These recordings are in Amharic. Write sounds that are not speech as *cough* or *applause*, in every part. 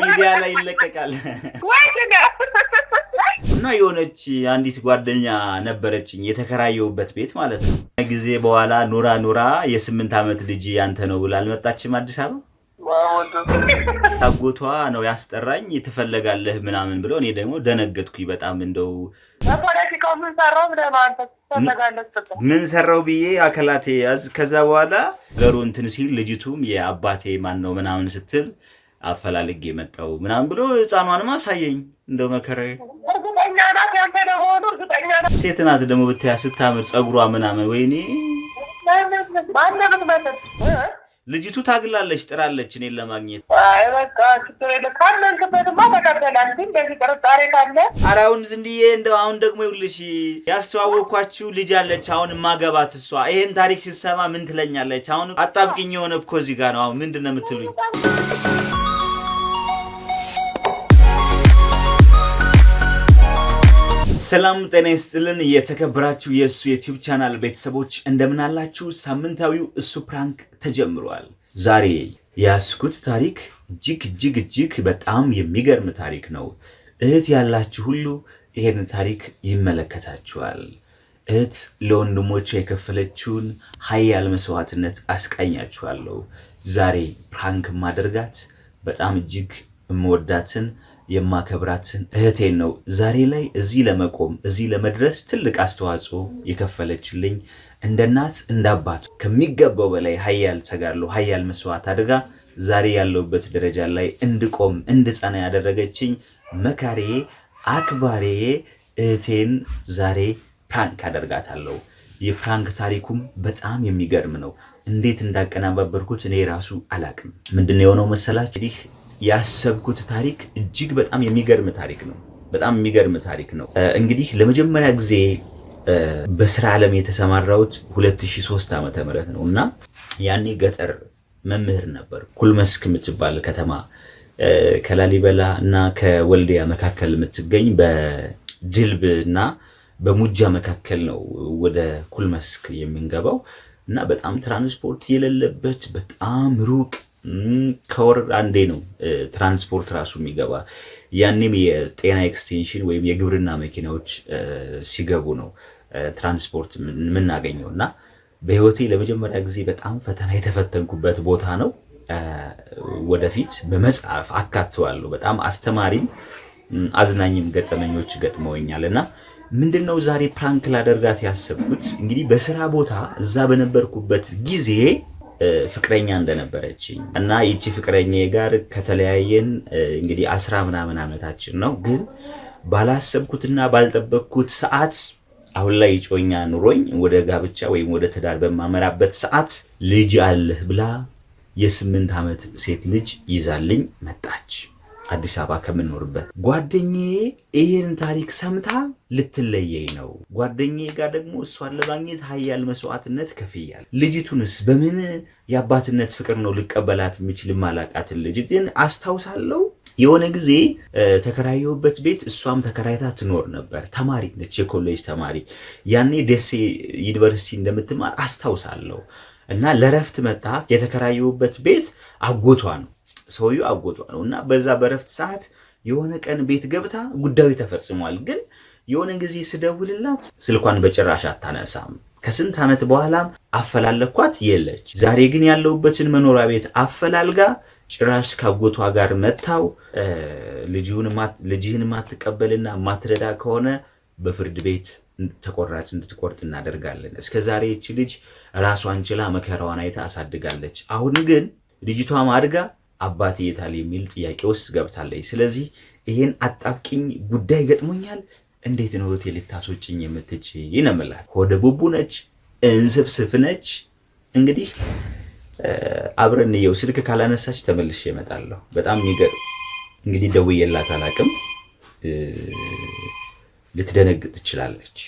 ሚዲያ ላይ ይለቀቃል እና የሆነች አንዲት ጓደኛ ነበረችኝ የተከራየውበት ቤት ማለት ነው። ጊዜ በኋላ ኑራ ኑራ የስምንት ዓመት ልጅ ያንተ ነው ብላ አልመጣችም አዲስ አበባ። ታጎቷ ነው ያስጠራኝ ትፈለጋለህ ምናምን ብለው እኔ ደግሞ ደነገጥኩኝ በጣም እንደው ምን ሰራው ብዬ አካላቴ ከዛ በኋላ ገሩ እንትን ሲል ልጅቱም የአባቴ ማን ነው ምናምን ስትል አፈላልግ የመጣው ምናምን ብሎ ህፃኗንም አሳየኝ። እንደ መከረ ሴት ናት ደግሞ ብታያ ስታምር ፀጉሯ ምናምን ወይኔ ልጅቱ ታግላለች፣ ጥራለች እኔን ለማግኘት። አራውን አሁን ዝንድዬ እንደው አሁን ደግሞ ይውልሽ ያስተዋወቅኳችሁ ልጅ አለች፣ አሁን ማገባት እሷ። ይሄን ታሪክ ሲሰማ ምን ትለኛለች? አሁን አጣብቅኝ የሆነ እኮ እዚህ ጋር ነው። አሁን ምንድን ነው የምትሉኝ? ሰላም ጤና ይስጥልን። የተከበራችሁ የእሱ ዩቲዩብ ቻናል ቤተሰቦች እንደምን አላችሁ? ሳምንታዊው እሱ ፕራንክ ተጀምሯል። ዛሬ የያስኩት ታሪክ እጅግ እጅግ እጅግ በጣም የሚገርም ታሪክ ነው። እህት ያላችሁ ሁሉ ይሄን ታሪክ ይመለከታችኋል። እህት ለወንድሞቿ የከፈለችውን ሀያል መስዋዕትነት አስቃኛችኋለሁ። ዛሬ ፕራንክ ማደርጋት በጣም እጅግ የምወዳትን የማከብራትን እህቴን ነው ዛሬ ላይ እዚህ ለመቆም እዚህ ለመድረስ ትልቅ አስተዋጽኦ የከፈለችልኝ እንደ እናት እንደ አባት ከሚገባው በላይ ሀያል ተጋድሎ ሀያል መስዋዕት አድርጋ ዛሬ ያለሁበት ደረጃ ላይ እንድቆም እንድጸና ያደረገችኝ መካሬ አክባሬ እህቴን ዛሬ ፕራንክ አደርጋታለሁ። የፕራንክ ታሪኩም በጣም የሚገርም ነው። እንዴት እንዳቀናባበርኩት እኔ ራሱ አላቅም። ምንድን የሆነው መሰላችሁ? እንግዲህ ያሰብኩት ታሪክ እጅግ በጣም የሚገርም ታሪክ ነው። በጣም የሚገርም ታሪክ ነው። እንግዲህ ለመጀመሪያ ጊዜ በስራ ዓለም የተሰማራሁት 2003 ዓመተ ምህረት ነው እና ያኔ ገጠር መምህር ነበር። ኩልመስክ የምትባል ከተማ ከላሊበላ እና ከወልዲያ መካከል የምትገኝ በድልብ እና በሙጃ መካከል ነው ወደ ኩልመስክ የምንገባው እና በጣም ትራንስፖርት የሌለበት በጣም ሩቅ ከወር አንዴ ነው ትራንስፖርት ራሱ የሚገባ። ያኔም የጤና ኤክስቴንሽን ወይም የግብርና መኪናዎች ሲገቡ ነው ትራንስፖርት የምናገኘው እና በህይወቴ ለመጀመሪያ ጊዜ በጣም ፈተና የተፈተንኩበት ቦታ ነው። ወደፊት በመጽሐፍ አካትዋለሁ። በጣም አስተማሪም አዝናኝም ገጠመኞች ገጥመውኛል እና ምንድነው ዛሬ ፕራንክ ላደርጋት ያሰብኩት እንግዲህ በስራ ቦታ እዛ በነበርኩበት ጊዜ ፍቅረኛ እንደነበረችኝ እና ይቺ ፍቅረኛ ጋር ከተለያየን እንግዲህ አስራ ምናምን ዓመታችን ነው። ግን ባላሰብኩትና ባልጠበቅኩት ሰዓት አሁን ላይ ጮኛ ኑሮኝ ወደ ጋብቻ ወይም ወደ ትዳር በማመራበት ሰዓት ልጅ አለህ ብላ የስምንት ዓመት ሴት ልጅ ይዛልኝ መጣች። አዲስ አበባ ከምኖርበት ጓደኛዬ ይህን ታሪክ ሰምታ ልትለየኝ ነው። ጓደኛዬ ጋር ደግሞ እሷን ለማግኘት ሀያል መስዋዕትነት ከፍያል። ልጅቱንስ በምን የአባትነት ፍቅር ነው ልቀበላት የምችል? ማላቃትን ልጅ ግን አስታውሳለሁ የሆነ ጊዜ ተከራየሁበት ቤት እሷም ተከራይታ ትኖር ነበር። ተማሪ ነች፣ የኮሌጅ ተማሪ። ያኔ ደሴ ዩኒቨርሲቲ እንደምትማር አስታውሳለሁ። እና ለረፍት መጣ። የተከራየሁበት ቤት አጎቷ ነው ሰውየው አጎቷ ነው እና በዛ በረፍት ሰዓት የሆነ ቀን ቤት ገብታ ጉዳዩ ተፈጽሟል። ግን የሆነ ጊዜ ስደውልላት ስልኳን በጭራሽ አታነሳም። ከስንት ዓመት በኋላም አፈላለኳት የለች። ዛሬ ግን ያለሁበትን መኖሪያ ቤት አፈላልጋ ጭራሽ ካጎቷ ጋር መጥታው ልጅህን ማትቀበልና ማትረዳ ከሆነ በፍርድ ቤት ተቆራጭ እንድትቆርጥ እናደርጋለን። እስከ ዛሬ ይቺ ልጅ ራሷን ችላ መከራዋን አይታ አሳድጋለች። አሁን ግን ልጅቷም አድጋ አባት የታል የሚል ጥያቄ ውስጥ ገብታለች። ስለዚህ ይሄን አጣብቂኝ ጉዳይ ገጥሞኛል፣ እንዴት ነው እህቴ ልታስወጭኝ የምትች ነው የምላት። ሆደ ቡቡ ነች፣ እንስፍስፍ ነች። እንግዲህ አብረን የው ስልክ ካላነሳች ተመልሼ እመጣለሁ። በጣም የሚገርም እንግዲህ ደውዬላት አላቅም። ልትደነግጥ ትችላለች፣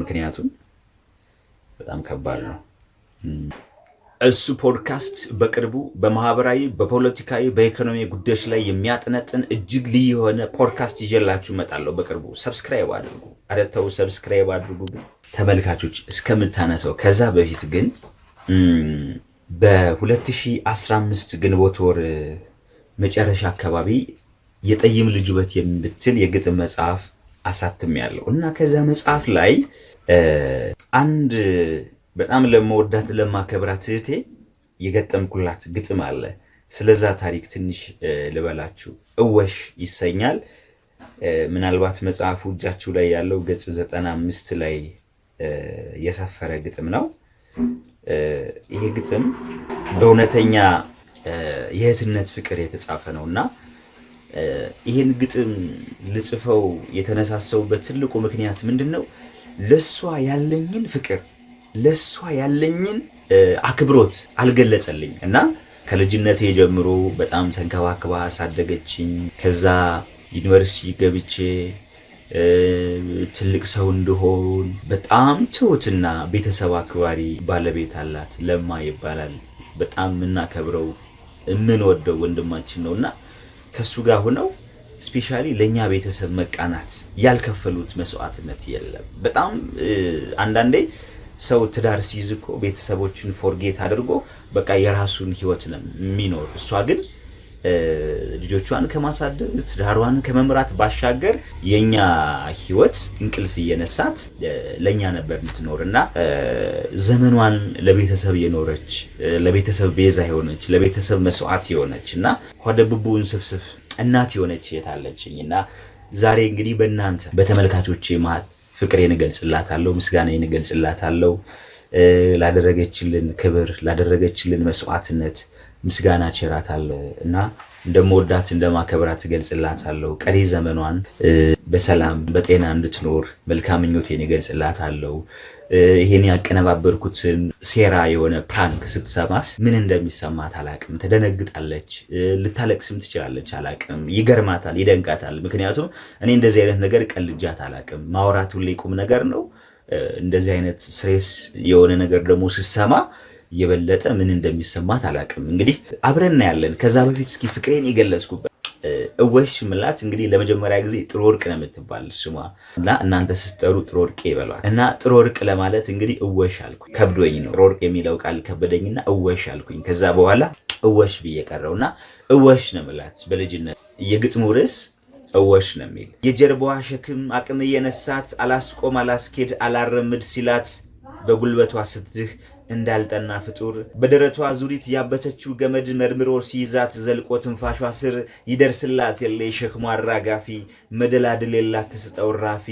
ምክንያቱም በጣም ከባድ ነው። እሱ ፖድካስት በቅርቡ በማህበራዊ፣ በፖለቲካዊ፣ በኢኮኖሚ ጉዳዮች ላይ የሚያጠነጥን እጅግ ልዩ የሆነ ፖድካስት ይዤላችሁ እመጣለሁ በቅርቡ። ሰብስክራይብ አድርጉ። አደተው ሰብስክራይብ አድርጉ ግን ተመልካቾች እስከምታነሰው። ከዛ በፊት ግን በ2015 ግንቦት ወር መጨረሻ አካባቢ የጠይም ልጅ ውበት የምትል የግጥም መጽሐፍ አሳትም ያለው እና ከዛ መጽሐፍ ላይ አንድ በጣም ለመወዳት ለማከብራት እህቴ የገጠምኩላት ግጥም አለ። ስለዛ ታሪክ ትንሽ ልበላችሁ። እወሽ ይሰኛል። ምናልባት መጽሐፉ እጃችሁ ላይ ያለው ገጽ ዘጠና አምስት ላይ የሰፈረ ግጥም ነው። ይሄ ግጥም በእውነተኛ የእህትነት ፍቅር የተጻፈ ነው እና ይህን ግጥም ልጽፈው የተነሳሰውበት ትልቁ ምክንያት ምንድን ነው? ለእሷ ያለኝን ፍቅር ለእሷ ያለኝን አክብሮት አልገለጸልኝ እና ከልጅነቴ ጀምሮ በጣም ተንከባክባ አሳደገችኝ። ከዛ ዩኒቨርሲቲ ገብቼ ትልቅ ሰው እንድሆን በጣም ትሁትና ቤተሰብ አክባሪ ባለቤት አላት። ለማ ይባላል። በጣም የምናከብረው የምንወደው ወንድማችን ነው እና ከእሱ ጋር ሆነው ስፔሻሊ ለእኛ ቤተሰብ መቃናት ያልከፈሉት መስዋዕትነት የለም። በጣም አንዳንዴ ሰው ትዳር ሲይዝ እኮ ቤተሰቦችን ፎርጌት አድርጎ በቃ የራሱን ህይወት ነው የሚኖር። እሷ ግን ልጆቿን ከማሳደግ ትዳሯን ከመምራት ባሻገር የእኛ ህይወት እንቅልፍ እየነሳት ለእኛ ነበር የምትኖር እና ዘመኗን ለቤተሰብ የኖረች ለቤተሰብ ቤዛ የሆነች ለቤተሰብ መስዋዕት የሆነች እና ሆደብቡን ስፍስፍ እናት የሆነች የታለችኝ እና ዛሬ እንግዲህ በእናንተ በተመልካቾቼ ማት ፍቅሬን እገልጽላታለሁ፣ ምስጋናዬን እገልጽላታለሁ። ላደረገችልን ክብር፣ ላደረገችልን መስዋዕትነት ምስጋና አለ እና እንደምወዳት እንደማከብራት እገልጽላታለሁ። ቀሪ ዘመኗን በሰላም በጤና እንድትኖር መልካም ምኞቴን እገልጽላታለሁ። ይሄን ያቀነባበርኩትን ሴራ የሆነ ፕራንክ ስትሰማስ ምን እንደሚሰማት አላቅም። ተደነግጣለች፣ ልታለቅስም ትችላለች። አላቅም፣ ይገርማታል፣ ይደንቃታል። ምክንያቱም እኔ እንደዚህ አይነት ነገር ቀልጃት አላቅም። ማውራት ሁሌ ቁም ነገር ነው። እንደዚህ አይነት ስሬስ የሆነ ነገር ደግሞ ስሰማ የበለጠ ምን እንደሚሰማት አላቅም እንግዲህ አብረና ያለን ከዛ በፊት እስኪ ፍቅሬን የገለጽኩበት እወሽ ምላት እንግዲህ ለመጀመሪያ ጊዜ ጥሩ ወርቅ ነው የምትባል ስሟ እና እናንተ ስትጠሩ ጥሩ ወርቅ ይበሏል እና ጥሩ ወርቅ ለማለት እንግዲህ እወሽ አልኩኝ። ከብዶኝ ነው ጥሩ ወርቅ የሚለው ቃል ከበደኝና እወሽ አልኩኝ። ከዛ በኋላ እወሽ ብዬ ቀረውና እወሽ ነው ምላት በልጅነት የግጥሙ ርዕስ እወሽ ነው የሚል የጀርባዋ ሸክም አቅም እየነሳት አላስቆም አላስኬድ አላረምድ ሲላት በጉልበቷ ስትህ እንዳልጠና ፍጡር በደረቷ ዙሪት ያበተችው ገመድ መርምሮ ሲይዛት ዘልቆ ትንፋሿ ስር ይደርስላት የለ የሸክሟ አራጋፊ መደላድል የላት ትስጠው ራፊ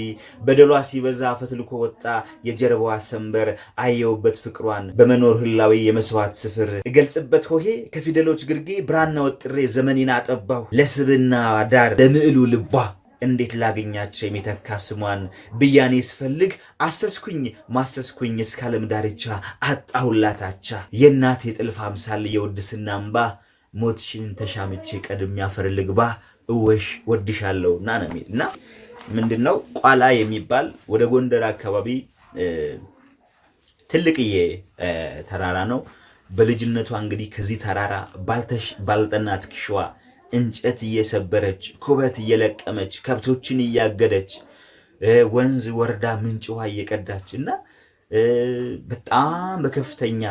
በደሏ ሲበዛ ፈትልኮ ወጣ የጀርባዋ ሰንበር አየውበት ፍቅሯን በመኖር ህላዊ የመስዋዕት ስፍር እገልጽበት ሆሄ ከፊደሎች ግርጌ ብራና ወጥሬ ዘመኔን አጠባሁ ለስብና ዳር ለምዕሉ ልቧ እንዴት ላገኛቸው የሚተካ ስሟን ብያኔ ስፈልግ አሰስኩኝ ማሰስኩኝ እስካለም ዳርቻ አጣሁላታቻ የእናቴ የጥልፍ አምሳል የውድስና አምባ ሞትሽን ተሻምቼ ቀድሜ አፈር ልግባ እወሽ ወድሻለሁ እና ነው የሚል እና ምንድን ነው ቋላ የሚባል ወደ ጎንደር አካባቢ ትልቅዬ ተራራ ነው። በልጅነቷ እንግዲህ ከዚህ ተራራ ባልጠናት ክሽዋ እንጨት እየሰበረች ኩበት እየለቀመች ከብቶችን እያገደች ወንዝ ወርዳ ምንጭ ውሃ እየቀዳች እና በጣም በከፍተኛ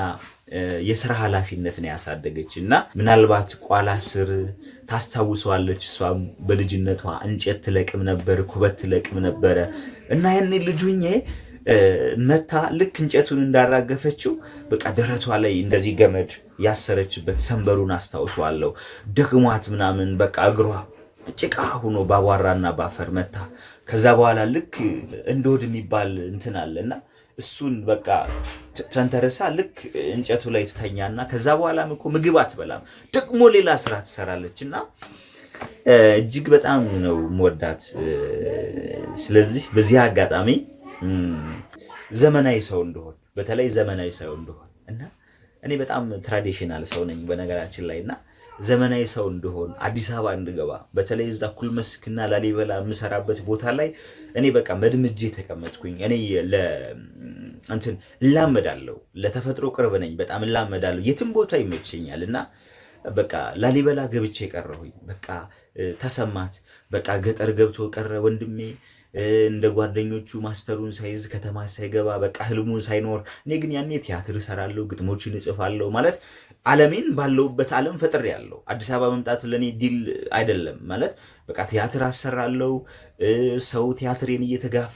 የስራ ኃላፊነት ነው ያሳደገች እና ምናልባት ቋላ ስር ታስታውሰዋለች። እሷም በልጅነቷ እንጨት ትለቅም ነበር፣ ኩበት ትለቅም ነበረ እና ያኔ ልጁኜ መታ ልክ እንጨቱን እንዳራገፈችው በቃ ደረቷ ላይ እንደዚህ ገመድ ያሰረችበት ሰንበሩን አስታውሰዋለሁ። ደግሟት ምናምን በቃ እግሯ ጭቃ ሆኖ ባቧራና ባፈር መታ። ከዛ በኋላ ልክ እንደወድ የሚባል እንትን አለ እና እሱን በቃ ተንተረሳ ልክ እንጨቱ ላይ ትተኛና ከዛ በኋላም እኮ ምግብ አትበላም። ደግሞ ሌላ ስራ ትሰራለች እና እጅግ በጣም ነው የምወዳት። ስለዚህ በዚህ አጋጣሚ ዘመናዊ ሰው እንደሆን በተለይ ዘመናዊ ሰው እንደሆን እና እኔ በጣም ትራዲሽናል ሰው ነኝ በነገራችን ላይ እና ዘመናዊ ሰው እንደሆን አዲስ አበባ እንድገባ በተለይ እዛ ኩልመስክና ላሊበላ የምሰራበት ቦታ ላይ እኔ በቃ መድምጄ ተቀመጥኩኝ። እኔ እንትን እላመዳለሁ፣ ለተፈጥሮ ቅርብ ነኝ፣ በጣም እላመዳለሁ። የትም ቦታ ይመቸኛል እና በቃ ላሊበላ ገብቼ ቀረሁኝ። በቃ ተሰማት፣ በቃ ገጠር ገብቶ ቀረ ወንድሜ እንደ ጓደኞቹ ማስተሩን ሳይዝ ከተማ ሳይገባ በቃ ህልሙን ሳይኖር፣ እኔ ግን ያኔ ቲያትር እሰራለሁ፣ ግጥሞችን እጽፋለሁ ማለት አለሜን ባለውበት ዓለም ፈጥሬያለሁ። አዲስ አበባ መምጣት ለእኔ ዲል አይደለም ማለት በቃ ቲያትር አሰራለው ሰው ቲያትሬን እየተጋፋ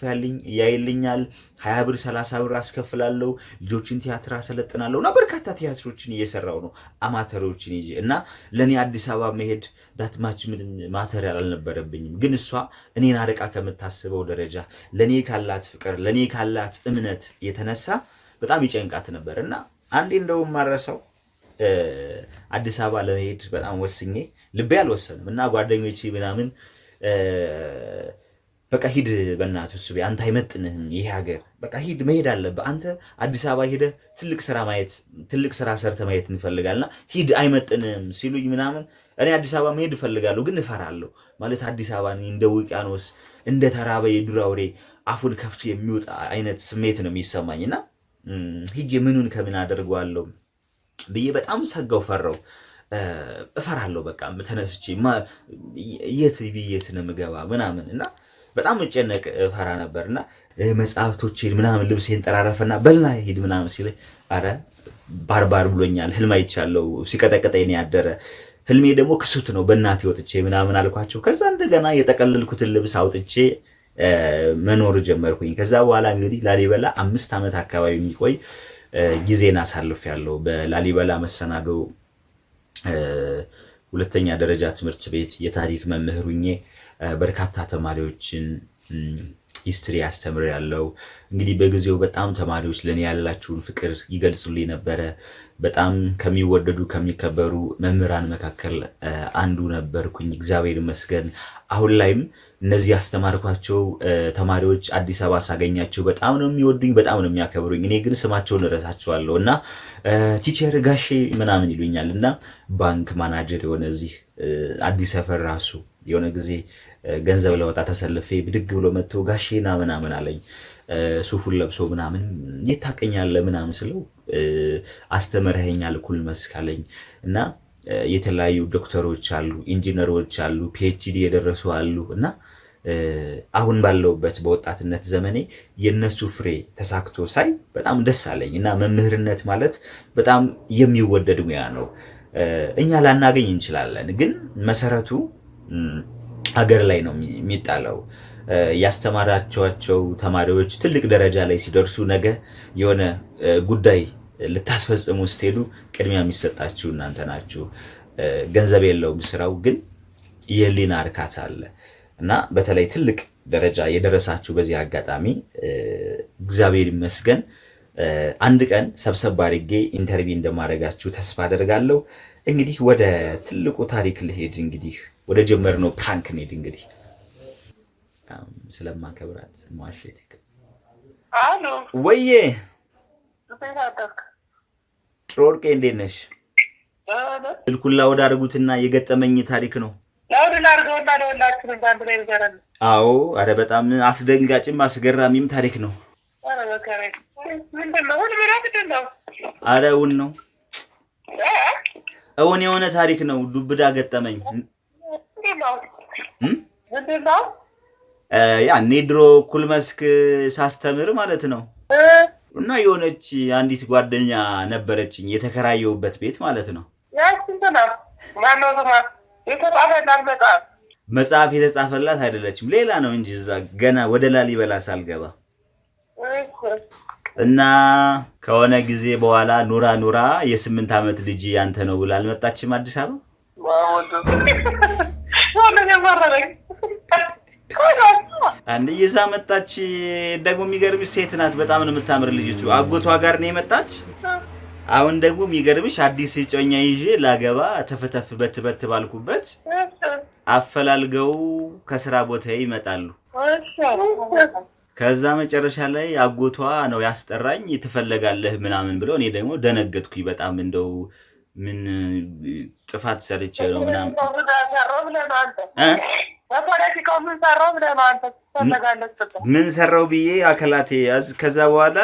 ያይልኛል፣ ሀያ ብር ሰላሳ ብር አስከፍላለው፣ ልጆችን ቲያትር አሰለጥናለሁ እና በርካታ ቲያትሮችን እየሰራው ነው አማተሮችን ይዤ እና ለእኔ አዲስ አበባ መሄድ ዳትማች ምን ማተሪያል አልነበረብኝም። ግን እሷ እኔን አርቃ ከምታስበው ደረጃ ለእኔ ካላት ፍቅር ለእኔ ካላት እምነት የተነሳ በጣም ይጨንቃት ነበር እና አንዴ እንደውም ማረሰው አዲስ አበባ ለመሄድ በጣም ወስኜ ልቤ አልወሰንም እና ጓደኞች ምናምን በቃ ሂድ በእናት ሱ አንተ አይመጥንህም ይሄ ሀገር በቃ ሂድ መሄድ አለብህ አንተ አዲስ አበባ ሄደ ትልቅ ስራ ማየት ትልቅ ስራ ማየት እንፈልጋልና ሂድ አይመጥንህም ሲሉኝ ምናምን እኔ አዲስ አበባ መሄድ እፈልጋለሁ ግን እፈራለሁ ማለት አዲስ አበባ እንደ ውቅያኖስ እንደ ተራበ የዱር አውሬ አፉን ከፍቶ የሚወጣ አይነት ስሜት ነው የሚሰማኝ እና ሂጄ ምኑን ከምን አደርገዋለሁ ብዬ በጣም ሰጋው፣ ፈራው፣ እፈራለሁ። በቃ ተነስቼ የት ብዬት ነው የምገባ ምናምን እና በጣም እጨነቅ ፈራ ነበር እና መጽሐፍቶቼን ምናምን ልብሴን ጠራረፈና በልና ሂድ ምናምን ሲለኝ አረ ባርባር ብሎኛል፣ ህልም አይቻለው ሲቀጠቅጠኝ ያደረ። ህልሜ ደግሞ ክሱት ነው በእናቴ ወጥቼ ምናምን አልኳቸው። ከዛ እንደገና የጠቀለልኩትን ልብስ አውጥቼ መኖር ጀመርኩኝ። ከዛ በኋላ እንግዲህ ላሊበላ አምስት ዓመት አካባቢ የሚቆይ ጊዜን አሳልፍ ያለው በላሊበላ መሰናዶ ሁለተኛ ደረጃ ትምህርት ቤት የታሪክ መምህሩኜ በርካታ ተማሪዎችን ሂስትሪ ያስተምር ያለው እንግዲህ በጊዜው በጣም ተማሪዎች ለእኔ ያላችሁን ፍቅር ይገልጹልኝ ነበረ። በጣም ከሚወደዱ ከሚከበሩ መምህራን መካከል አንዱ ነበርኩኝ። እግዚአብሔር ይመስገን። አሁን ላይም እነዚህ ያስተማርኳቸው ተማሪዎች አዲስ አበባ ሳገኛቸው በጣም ነው የሚወዱኝ፣ በጣም ነው የሚያከብሩኝ። እኔ ግን ስማቸውን እረሳቸዋለሁ እና ቲቸር ጋሼ ምናምን ይሉኛል እና ባንክ ማናጀር የሆነ እዚህ አዲስ ሰፈር ራሱ የሆነ ጊዜ ገንዘብ ለወጣ ተሰልፌ ብድግ ብሎ መጥቶ ጋሼና ምናምን አለኝ። ሱፉን ለብሶ ምናምን የታቀኛለ ምናምን ስለው አስተምረኸኛል እኩል መስካለኝ እና የተለያዩ ዶክተሮች አሉ፣ ኢንጂነሮች አሉ፣ ፒኤችዲ የደረሱ አሉ እና አሁን ባለውበት በወጣትነት ዘመኔ የነሱ ፍሬ ተሳክቶ ሳይ በጣም ደስ አለኝ እና መምህርነት ማለት በጣም የሚወደድ ሙያ ነው። እኛ ላናገኝ እንችላለን፣ ግን መሰረቱ ሀገር ላይ ነው የሚጣለው። ያስተማራቸዋቸው ተማሪዎች ትልቅ ደረጃ ላይ ሲደርሱ ነገ የሆነ ጉዳይ ልታስፈጽሙ ስትሄዱ ቅድሚያ የሚሰጣችሁ እናንተ ናችሁ። ገንዘብ የለውም ስራው፣ ግን የህሊና እርካታ አለ እና በተለይ ትልቅ ደረጃ የደረሳችሁ በዚህ አጋጣሚ እግዚአብሔር ይመስገን። አንድ ቀን ሰብሰብ አድርጌ ኢንተርቪው እንደማደርጋችሁ ተስፋ አደርጋለሁ። እንግዲህ ወደ ትልቁ ታሪክ ልሄድ እንግዲህ ወደ ጀመር ነው ፕራንክ እንሂድ። እንግዲህ ስለማከብራት መዋሸት ወዬ ጥሩ ወርቄ፣ እንዴት ነሽ? ስልኩን ወደ አድርጉትና የገጠመኝ ታሪክ ነው። አዎ፣ አረ በጣም አስደንጋጭም አስገራሚም ታሪክ ነው። አረ እውን ነው፣ እውን የሆነ ታሪክ ነው። ዱብዳ ገጠመኝ ያኔ ድሮ መስክ ሳስተምር ማለት ነው። እና የሆነች አንዲት ጓደኛ ነበረችኝ የተከራየውበት ቤት ማለት ነው። መጽሐፍ የተጻፈላት አይደለችም፣ ሌላ ነው እንጂ እዛ ገና ወደ ላሊበላ ሳልገባ እና ከሆነ ጊዜ በኋላ ኑራ ኑራ የስምንት ዓመት ልጅ ያንተ ነው ብላ አልመጣችም አዲስ አበባ አንድ ይዛ መጣች። ደግሞ የሚገርምሽ ሴት ናት። በጣም ነው የምታምር ልጅቱ። አጎቷ ጋር ነው የመጣች። አሁን ደግሞ የሚገርምሽ አዲስ እጮኛ ይዤ ላገባ ተፈተፍ በት በት ባልኩበት አፈላልገው ከስራ ቦታ ይመጣሉ። ከዛ መጨረሻ ላይ አጎቷ ነው ያስጠራኝ ትፈለጋለህ ምናምን ብለው እኔ ደግሞ ደነገጥኩኝ በጣም እንደው ምን ጥፋት ሰርቼ ነው ምናምን ምን ሰራው ብዬ አከላቴ ያዝ። ከዛ በኋላ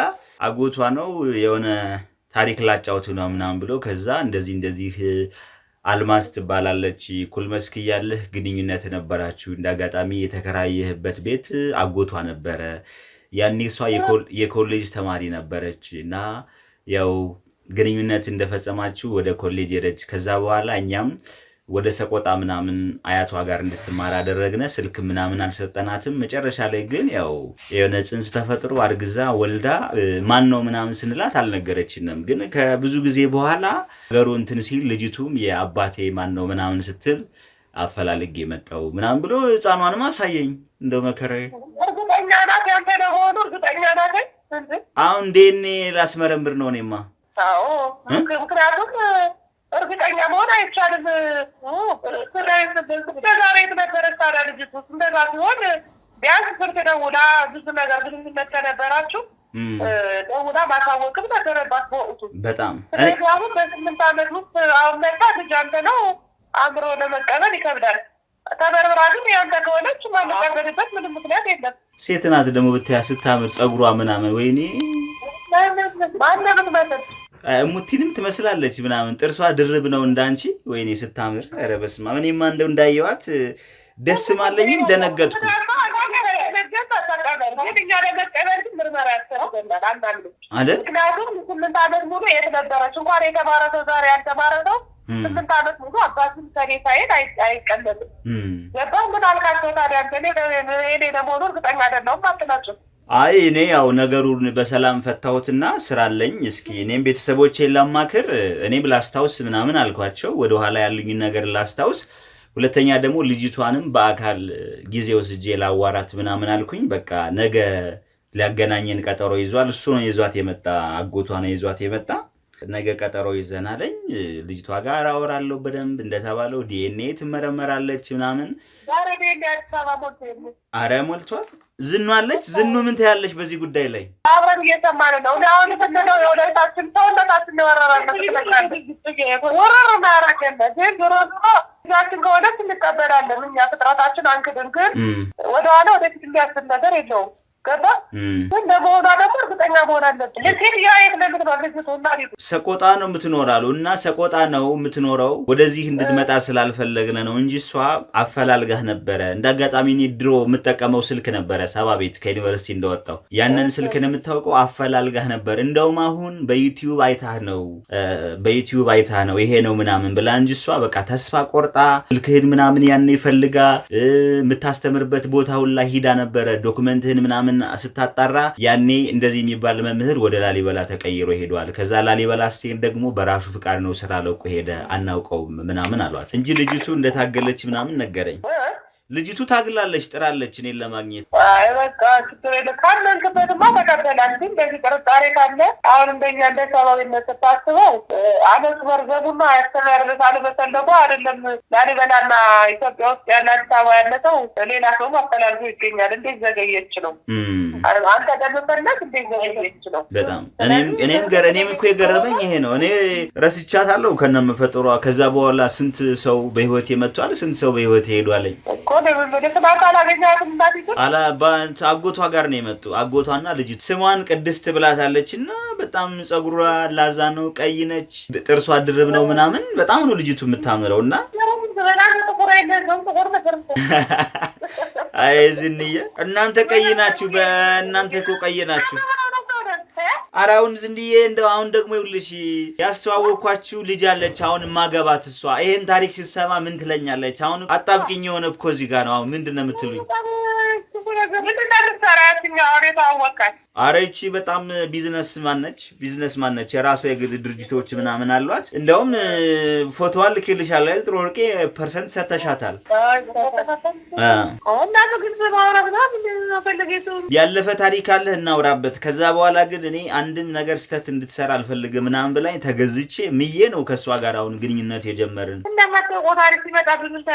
አጎቷ ነው የሆነ ታሪክ ላጫውት ነው ምናምን ብሎ ከዛ እንደዚህ እንደዚህ አልማዝ ትባላለች ኩልመስክ እያለህ ግንኙነት ነበራችሁ። እንደ አጋጣሚ የተከራየህበት ቤት አጎቷ ነበረ። ያኔ እሷ የኮሌጅ ተማሪ ነበረች እና ያው ግንኙነት እንደፈጸማችሁ ወደ ኮሌጅ ሄደች። ከዛ በኋላ እኛም ወደ ሰቆጣ ምናምን አያቷ ጋር እንድትማር አደረግነ። ስልክ ምናምን አልሰጠናትም። መጨረሻ ላይ ግን ያው የሆነ ጽንስ ተፈጥሮ አርግዛ ወልዳ ማን ነው ምናምን ስንላት አልነገረችንም። ግን ከብዙ ጊዜ በኋላ ነገሩ እንትን ሲል ልጅቱም የአባቴ ማን ነው ምናምን ስትል አፈላልግ የመጣው ምናምን ብሎ ሕፃኗንም አሳየኝ። እንደ መከረ እርግጠኛ ናት፣ ያንተ ነው እርግጠኛ ናት። አሁን ዴኔ ላስመረምር ነው እኔማ ምክንያቱም እርግጠኛ መሆን አይቻልም። እንደዛሬ የተነበረች ልጅቱ እንደዛ ሲሆን ቢያንስ ስልክ ደውላ ብዙ ነገር ግንኙነት ከነበራችሁ ደውላ ማሳወቅም ነበረባት በወቅቱ። በጣም ስለዚህ አሁን በስምንት ዓመት ውስጥ አሁን ልጅ አንተ ነው አእምሮ ለመቀበል ይከብዳል። ተመርምራ ግን ያንተ ከሆነች ምንም ምክንያት የለም። ሴት ናት ደግሞ ብታያ ስታምር ጸጉሯ ምናምን ወይኔ ማነምን መሰል ሙቲንም ትመስላለች ምናምን ጥርሷ ድርብ ነው እንዳንቺ። ወይኔ ስታምር! ኧረ በስመ አብ! እኔማ እንደው እንዳየዋት ደስ ማለኝም ደነገጥኩ። ምክንያቱም ስምንት ዓመት ሙሉ የት ነበረች? እንኳን የተማረ ሰው ዛሬ ያልተማረ ሰው ስምንት ዓመት ሙሉ አባትም ሰኔ ሳይሄድ አይቀለልም። ገባ ምን አልካቸው ታዲያ? እኔ ለመሆኑ እርግጠኛ አይደለሁም አትላቸው አይ እኔ ያው ነገሩን በሰላም ፈታሁትና ስራ አለኝ፣ እስኪ እኔም ቤተሰቦቼን ላማክር፣ እኔም ላስታውስ ምናምን አልኳቸው። ወደኋላ ያሉኝን ነገር ላስታውስ፣ ሁለተኛ ደግሞ ልጅቷንም በአካል ጊዜ ወስጄ ላዋራት ምናምን አልኩኝ። በቃ ነገ ሊያገናኘን ቀጠሮ ይዟል። እሱ ነው ይዟት የመጣ አጎቷ ነው ይዟት የመጣ። ነገ ቀጠሮ ይዘናለኝ። ልጅቷ ጋር አወራለሁ በደንብ እንደተባለው፣ ዲኤንኤ ትመረመራለች ምናምን። አረ ሞልቷል ዝኑ አለች። ዝኑ ምን ትያለች በዚህ ጉዳይ ላይ? አብረን እየሰማን ነው። አሁን የምንለው የሁለታችን ሰውነታችን የወረረን ወረረን አያረገን ግን ዞሮ ዞሮ ዛችን ከሆነ እንቀበላለን። እኛ ፍጥረታችን አንክድን፣ ግን ወደኋላ ወደፊት እንዲያስብ ነገር የለውም። ገባ ግን ደግሞ እርግጠኛ መሆን አለብን። ያ የት ለምትኖር ሰቆጣ ነው የምትኖራሉ እና ሰቆጣ ነው የምትኖረው። ወደዚህ እንድትመጣ ስላልፈለግነ ነው እንጂ እሷ አፈላልጋህ ነበረ። እንደ አጋጣሚ እኔ ድሮ የምጠቀመው ስልክ ነበረ ሰባ ቤት ከዩኒቨርሲቲ እንደወጣው ያንን ነው የምታውቀው አፈላልጋህ ነበር። እንደውም አሁን በዩቲዩብ አይታህ ነው በዩቲዩብ አይታህ ነው ይሄ ነው ምናምን ብላ እንጂ እሷ በቃ ተስፋ ቆርጣ ስልክህን ምናምን ያን ይፈልጋ የምታስተምርበት ቦታ ሁላ ሂዳ ነበረ ዶክመንትህን ምናምን ያንን ስታጣራ ያኔ እንደዚህ የሚባል መምህር ወደ ላሊበላ ተቀይሮ ሄደዋል። ከዛ ላሊበላ ስቴን ደግሞ በራሱ ፍቃድ ነው ስራ ለቆ ሄደ፣ አናውቀውም ምናምን አሏት እንጂ ልጅቱ እንደታገለች ምናምን ነገረኝ። ልጅቱ ታግላለች፣ ጥራለች እኔን ለማግኘት። በቃ ችግር የለም ካመንክበትማ ተቀበላል። ግን እንደዚህ ጥርጣሬ ካለ አሁን እንደኛ እንደ ሰባዊ ስታስበው አመፅ መርዘቡና ያስተናርበት አለመሰል ደግሞ አይደለም። ላሊበላና ኢትዮጵያ ውስጥ ያለ አዲስ አበባ ያለ ሰው ሌላ ሰውም አፈላልጎ ይገኛል። እንዴት ዘገየች ነው አንተ ደምፈለግ እንዴት ዘገየች ነው። በጣም እኔም ገር እኔም እኮ የገረመኝ ይሄ ነው። እኔ ረስቻታለሁ ከነመፈጠሯ። ከዛ በኋላ ስንት ሰው በህይወት የመጥቷል፣ ስንት ሰው በህይወት ይሄዷለኝ እኮ አጎቷ ጋር ነው የመጡ። አጎቷና ልጅ ስሟን ቅድስት ብላታለች እና በጣም ጸጉሯ ላዛ ነው፣ ቀይ ነች፣ ጥርሷ ድርብ ነው ምናምን። በጣም ነው ልጅቱ የምታምረው እና አይ እናንተ ቀይ ናችሁ፣ በእናንተ እኮ ቀይ ናችሁ። አራውን አሁን ዝንድዬ እንደው አሁን ደግሞ ይውልሽ ያስተዋወኳችሁ ልጅ አለች አሁን ማገባት እሷ ይሄን ታሪክ ሲሰማ ምን ትለኛለች? አሁን አጣብቅኝ የሆነ እኮ እዚህ ጋር ነው። አሁን ምንድን ነው የምትሉኝ? አረቺ በጣም ቢዝነስ ማነች፣ ቢዝነስ ማነች። የራሷ የግል ድርጅቶች ምናምን አሏት። እንደውም ፎቶዋን ልኬልሻለሁ ጥሩ ወርቄ ፐርሰንት ሰተሻታል። ያለፈ ታሪክ አለህ እናውራበት። ከዛ በኋላ ግን እኔ አንድም ነገር ስተት እንድትሰራ አልፈልግም ምናምን ብላኝ ተገዝቼ ምዬ ነው ከእሷ ጋር አሁን ግንኙነት የጀመርን። እንደማታውቀው ታሪክ ሲመጣ ብዙ ሰ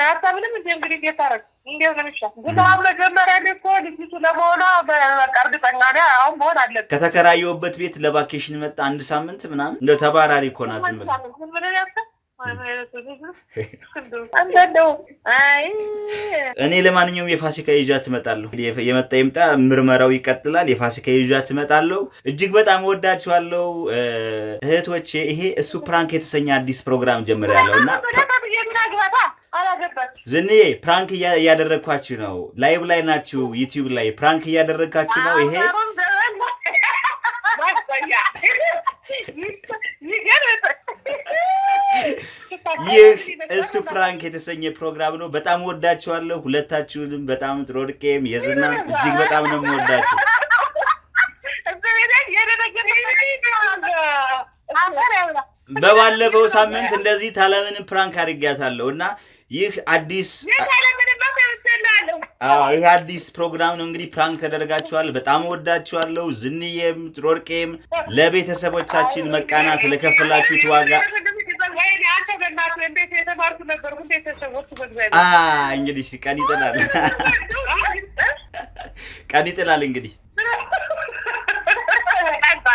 እንዴት ነው እኮ ልጅቱ ለመሆኗ በቃ እርግጠኛ ነኝ። አሁን መሆን አለብን። ከተከራየሁበት ቤት ለቫኬሽን መጣ አንድ ሳምንት ምናምን እንደ ተባራሪ እኮ ናት። እኔ ለማንኛውም የፋሲካ ይዣ ትመጣለሁ። የመጣ ይምጣ፣ ምርመራው ይቀጥላል። የፋሲካ ይዣ ትመጣለሁ። እጅግ በጣም ወዳችኋለሁ እህቶቼ። ይሄ እሱ ፕራንክ የተሰኘ አዲስ ፕሮግራም ጀምሬያለሁ እና ዝንዬ ፕራንክ እያደረግኳችሁ ነው። ላይቭ ላይ ናችሁ፣ ዩቲዩብ ላይ ፕራንክ እያደረግካችሁ ነው። ይሄ ይህ እሱ ፕራንክ የተሰኘ ፕሮግራም ነው። በጣም ወዳችኋለሁ ሁለታችሁንም። በጣም ጥሮድቄም የዝና እጅግ በጣም ነው የምወዳችሁ። በባለፈው ሳምንት እንደዚህ ታለምን ፕራንክ አድርጊያታለሁ እና ይህ አዲስ ይህ አዲስ ፕሮግራም ነው። እንግዲህ ፕራንክ ተደረጋችኋል። በጣም ወዳችኋለሁ። ዝንዬም ጥሮርቄም ለቤተሰቦቻችን መቃናት ለከፈላችሁት ዋጋ እንግዲህ ቀን ይጥላል፣ ቀን ይጥላል እንግዲህ *laughs*